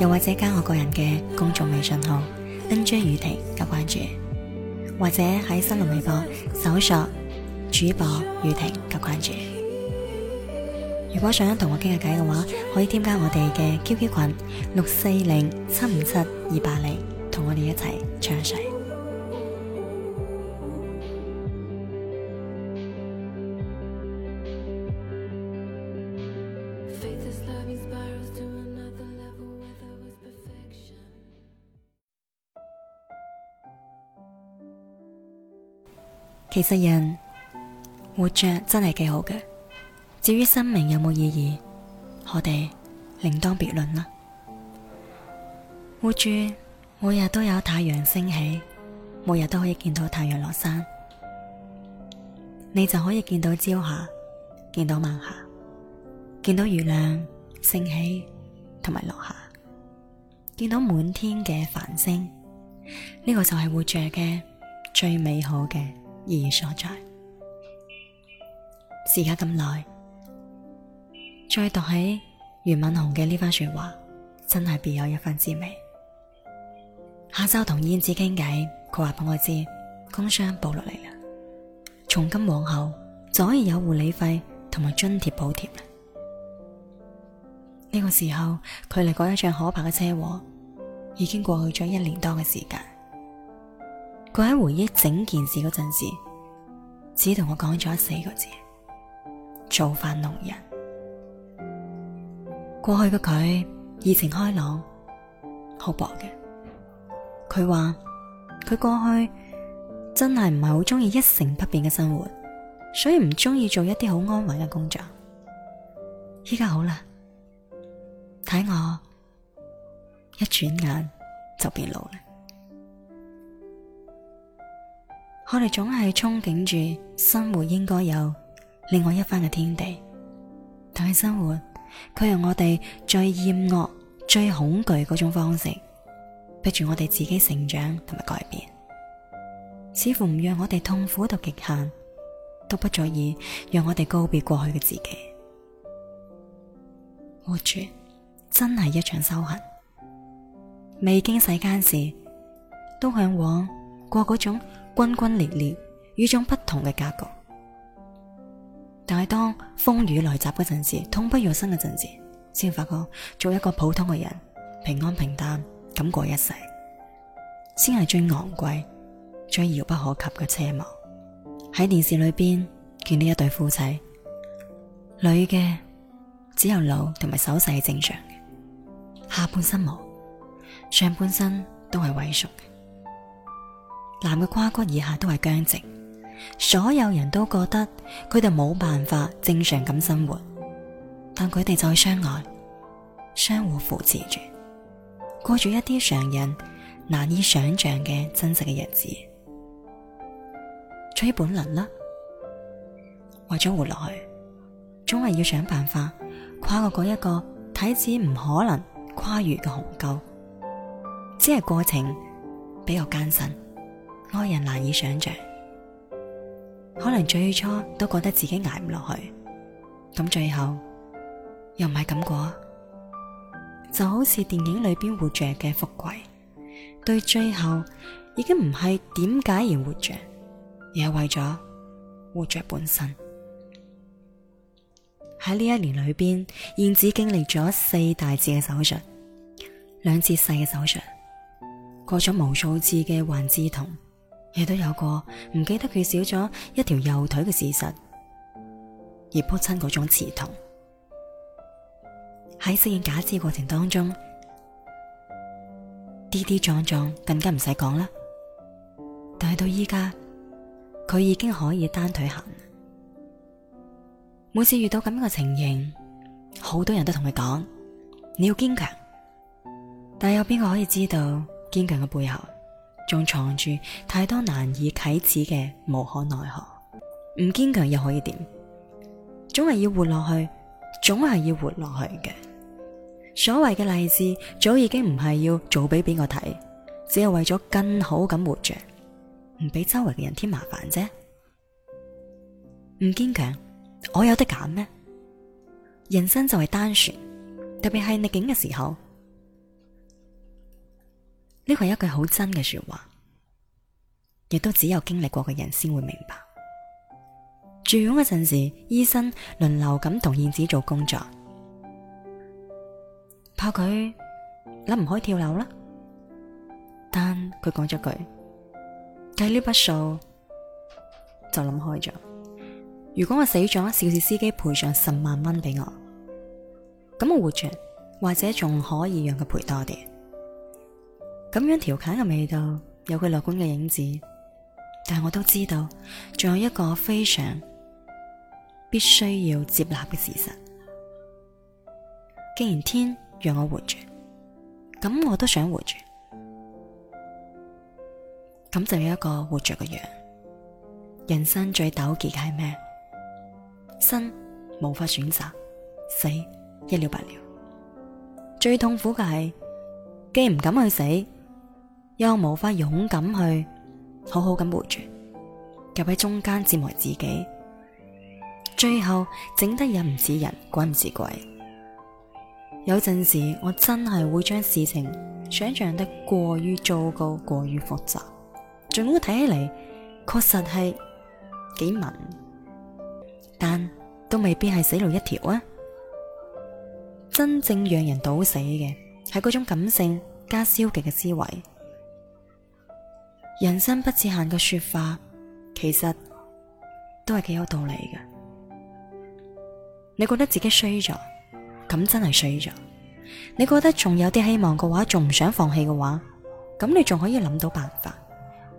又或者加我個人嘅公眾微信號 nj 雨婷加關注，或者喺新浪微博搜索主播雨婷加關注。如果想同我傾下偈嘅話，可以添加我哋嘅 QQ 群六四零七五七二八零，同我哋一齊暢叙。其實人活着，真係幾好嘅，至於生命有冇意義，我哋另當別論啦。活住，每日都有太陽升起，每日都可以見到太陽落山，你就可以見到朝霞，見到晚霞，見到月亮升起同埋落下，見到滿天嘅繁星，呢個就係活着嘅最美好嘅意義所在。時隔咁耐，再讀起余敏雄嘅呢番說話，真係別有一番滋味。下晝同燕子傾偈，佢話俾我知，工傷報落嚟啦。從今往後，就可以有護理費同埋津貼補貼。呢、這個時候，距離嗰一場可怕嘅車禍已經過去咗一年多嘅時間。佢喺回憶整件事嗰陣時，只同我講咗四個字：造化弄人。過去嘅佢熱情開朗、好搏嘅。佢話佢過去真係唔係好中意一成不變嘅生活，所以唔中意做一啲好安穩嘅工作。依家好啦，睇我一轉眼就變老啦。我哋總係憧憬住生活應該有另外一番嘅天地，但係生活佢係我哋最厭惡、最恐懼嗰種方式逼住我哋自己成長同埋改變，似乎唔讓我哋痛苦到極限都不足以讓我哋告別過去嘅自己。活住真係一場修行，未經世間時都向往過嗰種。轟轟烈烈、與眾不同嘅格局，但係當風雨來襲嗰陣時，痛不欲生嘅陣時，先發覺做一個普通嘅人、平安平淡咁過一世，先係最昂貴、最遙不可及嘅奢望。喺電視裏邊見呢一對夫妻，女嘅只有腦同埋手勢係正常嘅，下半身冇，上半身都係萎縮嘅。男嘅胯骨以下都係僵直，所有人都覺得佢哋冇辦法正常咁生活，但佢哋就去相愛，相互扶持住，過住一啲常人難以想象嘅真實嘅日子。出於本能啦，為咗活落去，總係要想辦法跨越過嗰一個睇似唔可能跨越嘅鴻溝，只係過程比較艱辛。愛人難以想象，可能最初都覺得自己捱唔落去，咁最後又唔係咁過，就好似電影裏邊活着嘅福貴，對最後已經唔係點解而活着，而係為咗活着本身。喺呢一年裏邊，燕子經歷咗四大字嘅手術，兩次細嘅手術，過咗無數次嘅幻肢痛。亦都有過唔記得佢少咗一條右腿嘅事實，而仆親嗰種刺痛。喺適應假肢過程當中，跌跌撞撞更加唔使講啦。但係到依家，佢已經可以單腿行。每次遇到咁樣嘅情形，好多人都同佢講你要堅強，但有邊個可以知道堅強嘅背後？仲藏住太多難以啟齒嘅無可奈何，唔堅強又可以點？總係要活落去，總係要活落去嘅。所謂嘅勵志，早已經唔係要做俾邊個睇，只係為咗更好咁活着，唔俾周圍嘅人添麻煩啫。唔堅強，我有得揀咩？人生就係單選，特別係逆境嘅時候。呢個係一句好真嘅說話，亦都只有經歷過嘅人先會明白。住院嗰陣時，醫生輪流咁同燕子做工作，怕佢諗唔開跳樓啦。但佢講咗句，計呢筆數就諗開咗。如果我死咗，肇事司機賠償十萬蚊俾我，咁我活着，或者仲可以讓佢賠多啲。咁樣調侃嘅味道，有佢樂觀嘅影子，但係我都知道，仲有一個非常必須要接納嘅事實。既然天讓我活住，咁我都想活住，咁就有一個活着嘅樣。人生最糾結嘅係咩？生無法選擇，死一了百了。最痛苦嘅係，既然唔敢去死。又無法勇敢去好好咁活住，夾喺中間折磨自己，最後整得人唔似人，鬼唔似鬼。有陣時我真係會將事情想象得過於糟糕、過於複雜，盡管睇起嚟確實係幾文，但都未必係死路一條啊！真正讓人倒死嘅係嗰種感性加消極嘅思維。人生不自限嘅說法，其實都係幾有道理嘅。你覺得自己衰咗，咁真係衰咗；你覺得仲有啲希望嘅話，仲唔想放棄嘅話，咁你仲可以諗到辦法，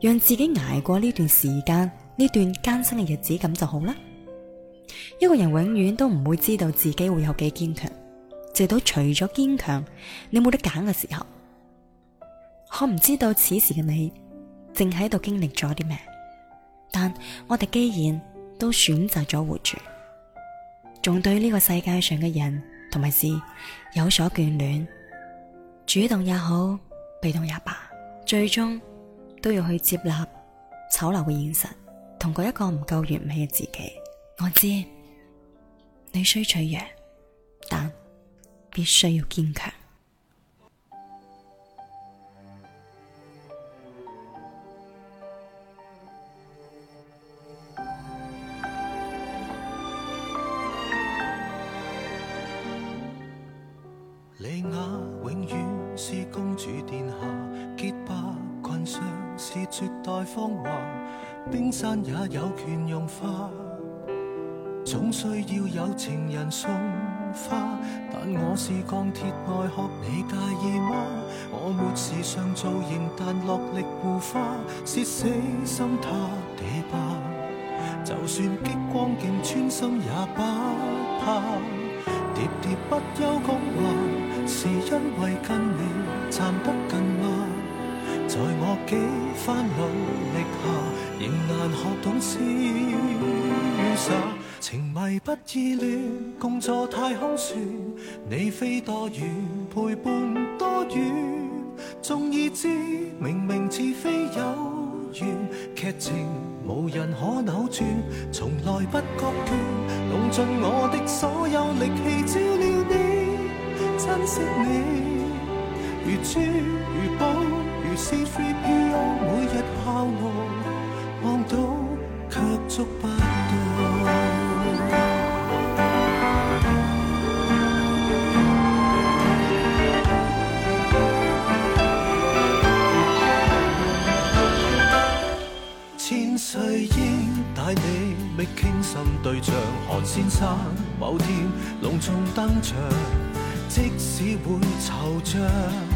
讓自己挨過呢段時間、呢段艱辛嘅日子，咁就好啦。一個人永遠都唔會知道自己會有幾堅強，直到除咗堅強，你冇得揀嘅時候，我唔知道此時嘅你。正喺度經歷咗啲咩？但我哋既然都選擇咗活住，仲對呢個世界上嘅人同埋事有所眷戀，主動也好，被動也罷，最終都要去接納醜陋嘅現實，同過一個唔夠完美嘅自己。我知你需要脆弱，但必須要堅強。冰山也有權融化。總需要有情人送花，但我是鋼鐵外殼，學你介意嗎？我沒時尚造型，但落力護花，是死心塌地吧？就算激光劍穿心也不怕，喋喋不休講話，是因為跟你站得近嗎？在我幾番努力下，仍難學懂瀟灑。情迷不意亂，共坐太空船，你飛多遠，陪伴多遠。縱已知明明似非有緣，劇情無人可扭轉，從來不覺倦，用盡我的所有力氣照料你，珍惜你，如珠如寶。C3PO 每日跑路，望到卻捉不到。 千歲應帶你覓傾心對象，韓先生某天隆重登場，即使會惆悵。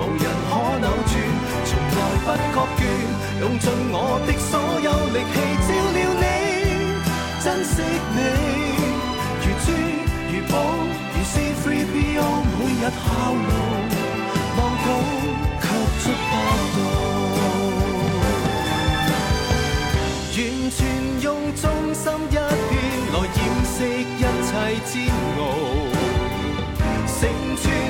無人可扭轉，從來不覺倦，用盡我的所有力氣照料你，珍惜你，如珠如寶，如 C3PO，每日效勞，望到卻觸不到，完全用忠心一片來掩飾一切煎熬，成全。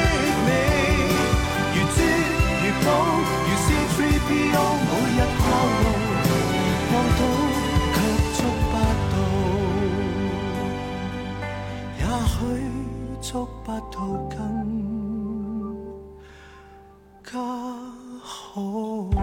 追唔到更加好。